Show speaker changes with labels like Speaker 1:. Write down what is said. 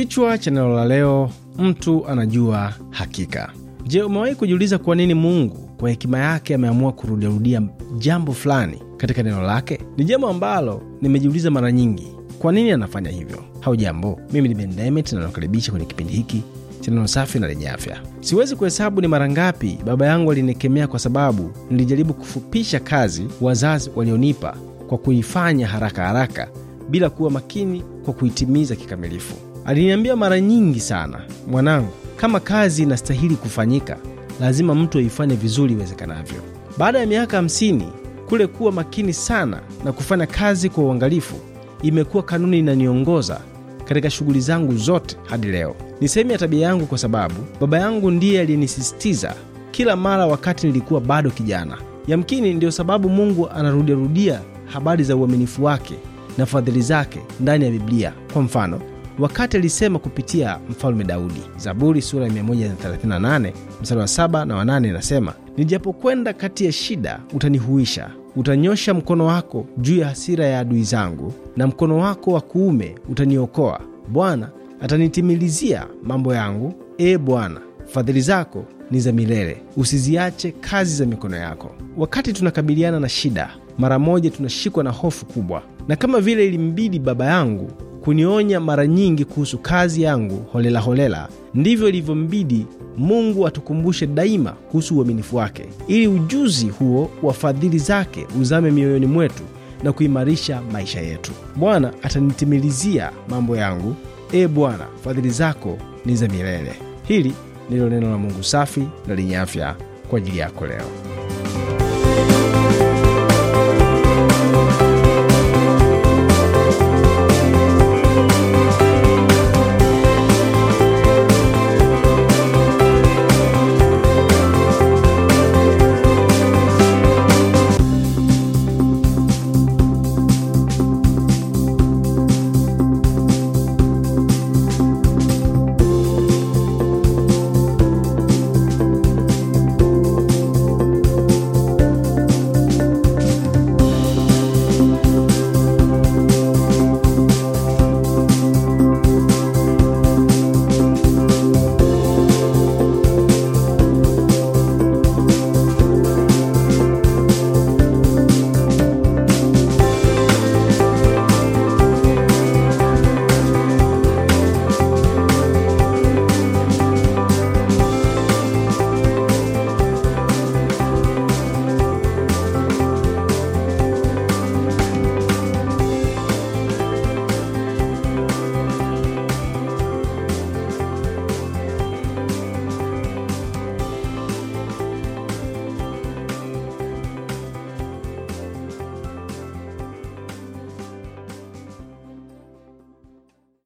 Speaker 1: Kichwa cha neno la leo, mtu anajua hakika. Je, umewahi kujiuliza kwa nini Mungu kwa hekima yake ameamua kurudiarudia jambo fulani katika neno lake? Ni jambo ambalo nimejiuliza mara nyingi, kwa nini anafanya hivyo? jambo mimi ni Ben na nakaribisha kwenye kipindi hiki cha neno safi na lenye afya. Siwezi kuhesabu ni mara ngapi baba yangu alinikemea kwa sababu nilijaribu kufupisha kazi wazazi walionipa kwa kuifanya haraka haraka bila kuwa makini kwa kuitimiza kikamilifu. Aliniambia mara nyingi sana, mwanangu, kama kazi inastahili kufanyika lazima mtu aifanye vizuri iwezekanavyo. Baada ya miaka hamsini, kule kuwa makini sana na kufanya kazi kwa uangalifu imekuwa kanuni inaniongoza katika shughuli zangu zote hadi leo. Ni sehemu ya tabia yangu kwa sababu baba yangu ndiye aliyenisisitiza kila mara wakati nilikuwa bado kijana. Yamkini ndiyo sababu Mungu anarudiarudia habari za uaminifu wake na fadhili zake ndani ya Biblia. Kwa mfano, wakati alisema kupitia mfalme Daudi. Zaburi sura ya 138 mstari wa 7 na 8 inasema, nijapokwenda kati ya shida utanihuisha, utanyosha mkono wako juu ya hasira ya adui zangu, na mkono wako wa kuume utaniokoa. Bwana atanitimilizia mambo yangu. Ee Bwana, fadhili zako ni za milele, usiziache kazi za mikono yako. Wakati tunakabiliana na shida, mara moja tunashikwa na hofu kubwa na kama vile ilimbidi baba yangu kunionya mara nyingi kuhusu kazi yangu holela holela, ndivyo ilivyombidi Mungu atukumbushe daima kuhusu uaminifu wake, ili ujuzi huo wa fadhili zake uzame mioyoni mwetu na kuimarisha maisha yetu. Bwana atanitimilizia mambo yangu. Ee Bwana, fadhili zako ni za milele. Hili ndilo neno la Mungu safi na lenye afya kwa ajili yako leo.